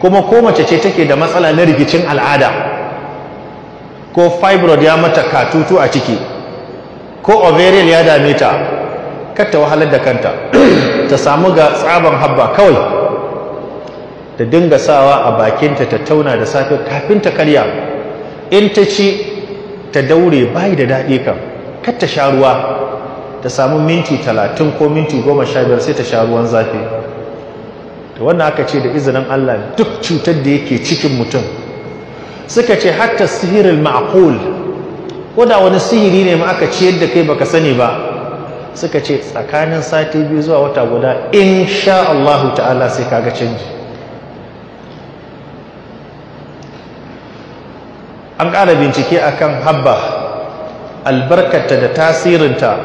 kuma ko mace ce take da matsala na rikicin al'ada ko fibroid ya mata katutu a ciki ko ovarian ya dame ta kar wahalar da kanta ta samu ga tsaban habba kawai ta dinga sawa a bakinta ta tauna da safe kafin ta karya in ta ci ta daure bai da daɗi kan kar ta sha ruwa ta samu minti talatin ko minti goma sha biyar sai ta sha ruwan zafi to wannan aka ce da izinin Allah duk cutar da yake cikin mutum suka ce hatta sihirin ma'qul ko da wani sihiri ne ma aka ce yadda kai baka sani ba suka ce tsakanin sati biyu zuwa wata guda insha Allah ta'ala sai kaga canji an ƙara bincike a kan habba albarkata da tasirinta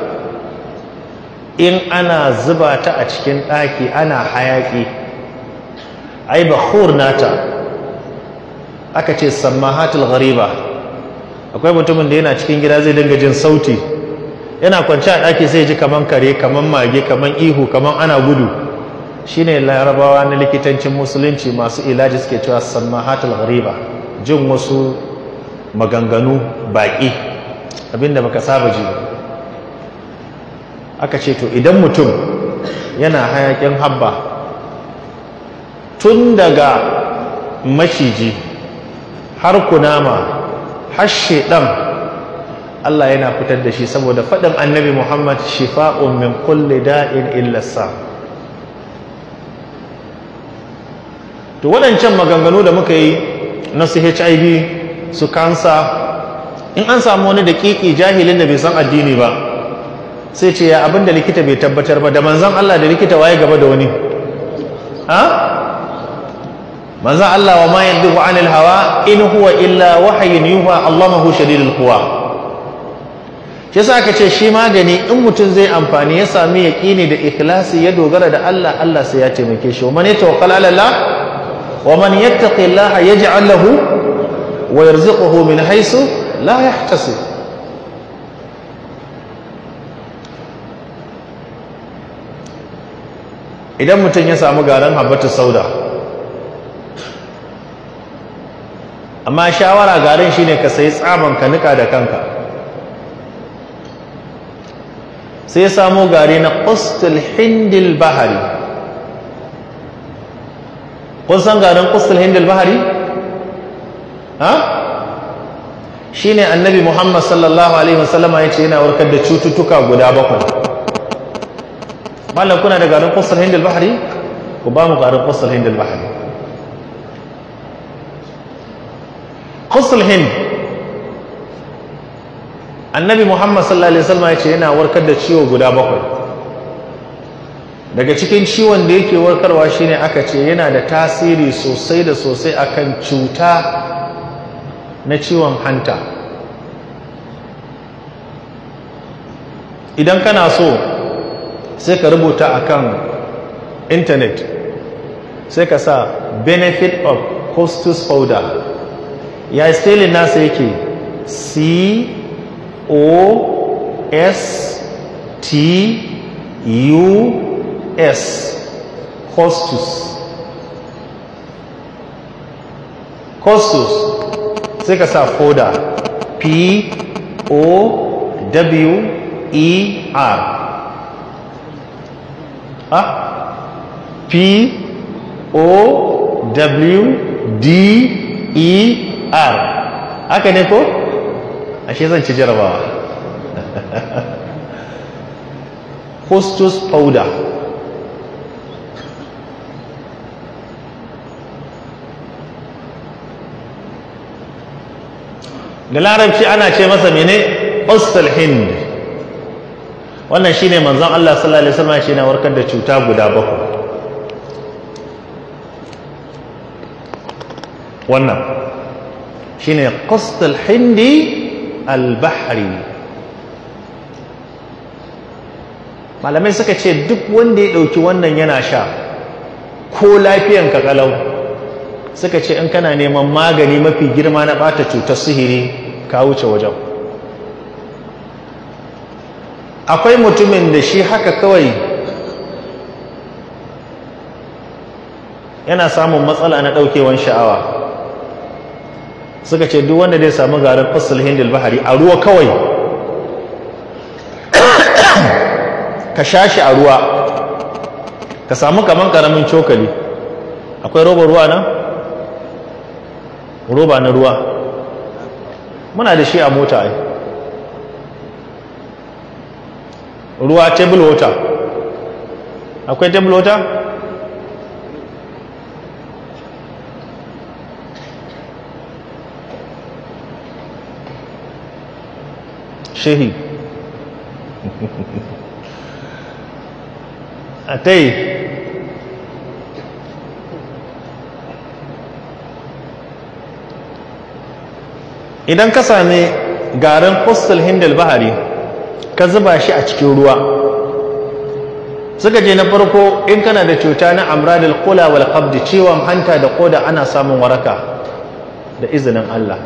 in ana zuba ta a cikin ɗaki ana hayaƙi ai bakhur nata aka ce samahatul ghariba akwai mutumin da yana cikin gida zai dinga jin sauti yana kwance a daki sai ji kaman kare kaman mage kaman ihu kaman ana gudu shine larabawa na likitancin musulunci masu ilaji suke cewa samahatul ghariba jin wasu maganganu baƙi abinda baka saba ji aka ce to idan mutum yana hayakin habba tun daga maciji har kunama har ɗan, Allah yana fitar da shi saboda faɗin annabi Muhammad shifa'un min kulli da'in illa to waɗancan maganganu da muka yi na su HIV su kansa in an samu wani daƙiƙi jahilin da bai san addini ba sai ce ya abinda likita bai tabbatar ba da manzan Allah da likita waye gaba da wani ha manzan Allah wa ma duhu, anil hawa in huwa illa wahyun yuha Allahu shadidul quwa shi yasa aka ce shi magani in mutum zai amfani ya sami yaqini da ikhlasi ya dogara da Allah Allah sai ya taimake shi wa man yatawakkal ala Allah wa man yattaqi Allah yaj'al lahu wa yarzuquhu min haythu la yahtasib idan mutum ya samu garin habbatu sauda amma shawara garin shine ka sayi tsaban ka nika da kanka sai samu gari na qustul hindil bahari kun san garin qustul hindil bahari ha shine annabi Muhammad sallallahu alaihi wasallama yace yana warkar da cututtuka guda bakwai mallan kuna da garin qustul hindil bahari ku ba mu garin qustul hindil bahari hussul hind annabi muhammad sallallahu alaihi wasallam ya ce yana warkar da ciwo guda bakwai daga cikin ciwon da yake warkarwa shine aka ce yana da tasiri sosai da sosai akan cuta na ciwon hanta idan kana so sai ka rubuta akan intanet sai ka sa benefit of costus powder ya spelling nasa yake c o s t u s hostus hostus sai ka sa foda p o w e r ha p o w d e R ah, haka ne ko ashe zan ci jarabawa hostus powder da larabci ana ce masa mene ƙasar hind wannan shine manzon Allah sallallahu alaihi wasallam shine warkar da cuta guda bakwai wannan shine qasdul hindi al malamai suka ce duk wanda ya dauki wannan yana sha ko lafiyan ka kalau suka ce in kana neman magani mafi girma na bata cutar sihiri ka wuce wajen akwai mutumin da shi haka kawai yana samun matsala na ɗaukewan sha'awa suka ce duk wanda zai samu garin fasul hindil bahari a ruwa kawai ka sha shi a ruwa ka samu kaman karamin cokali akwai roba ruwa nan roba na ruwa muna da shi a mota ai ruwa table water akwai table water shehi a ta yi idan ka sami garin kustal hindal bahari ka zuba shi a cikin ruwa suka je na farko in kana da cuta na amradil kula wal ciwon hanta da koda ana samun waraka da izinin Allah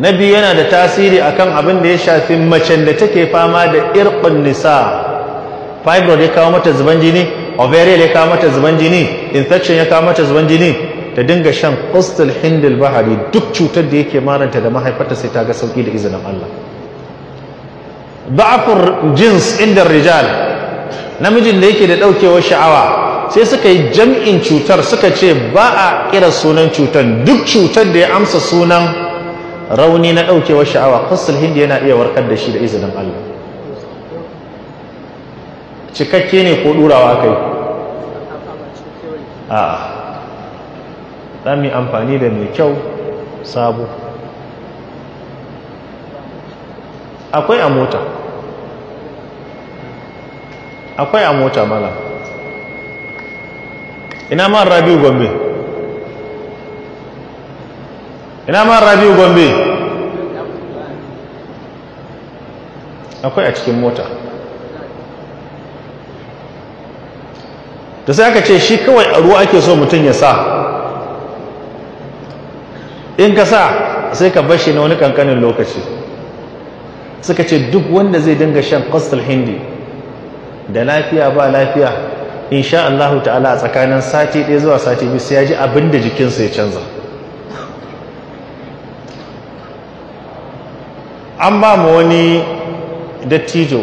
na biyu yana da tasiri a kan abin da ya shafi macen da take fama da irkun nisa fibroid ya kawo mata zuban jini ovarian ya kawo mata zuban jini infection ya kawo mata zuban jini ta dinga shan kustal hindil bahari duk cutar da yake maranta da mahaifarta sai ta ga sauki da izinin Allah ba'afur jins inda rijal namijin da yake da daukewar sha'awa sai suka yi jam'in cutar suka ce ba a kira sunan cutar duk cutar da ya amsa sunan rauni na ɗaukewar sha'awa fasul hindi yana iya warkar da shi da izinin Allah cikakke ne ko ɗurawa kai a za mu yi amfani da mai kyau sabo akwai a mota akwai a mota mala ina ma Rabi gombe ina ma Rabi gombe akwai a cikin mota da sai aka ce shi kawai a ruwa ake so mutum ya sa in ka sa sai ka bashi na wani kankanin lokaci suka ce duk wanda zai dinga shan kostal hindi da lafiya ba lafiya insha Allah ta'ala a tsakanin sati ɗaya zuwa sati biyu sai ya ji abin da jikinsa ya canza an ba mu wani dattijo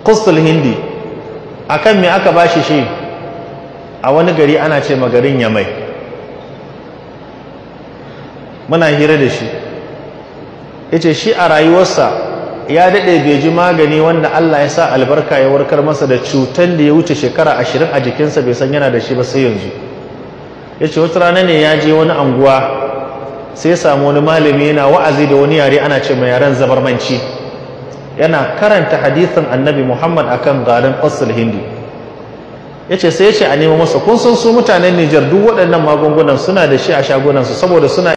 kustul hindi akan me aka bashi shi a wani gari ana ce magarin yamai muna hira da shi yace shi a rayuwarsa ya daɗe beji magani wanda Allah ya sa albarka ya warkar masa da cutar da ya wuce shekara ashirin a jikinsa bai san yana da shi ba sai yanzu yace wata rana ne ya je wani anguwa sai ya samu wani malami yana wa'azi da wani yare ana ce mai yaren zabarmanci yana karanta hadithin annabi muhammad akan garin ƙasar hindu ya ce sai ya ce a nemo masa kun san su mutanen nijar duk waɗannan magungunan suna da shi a shagunansu saboda suna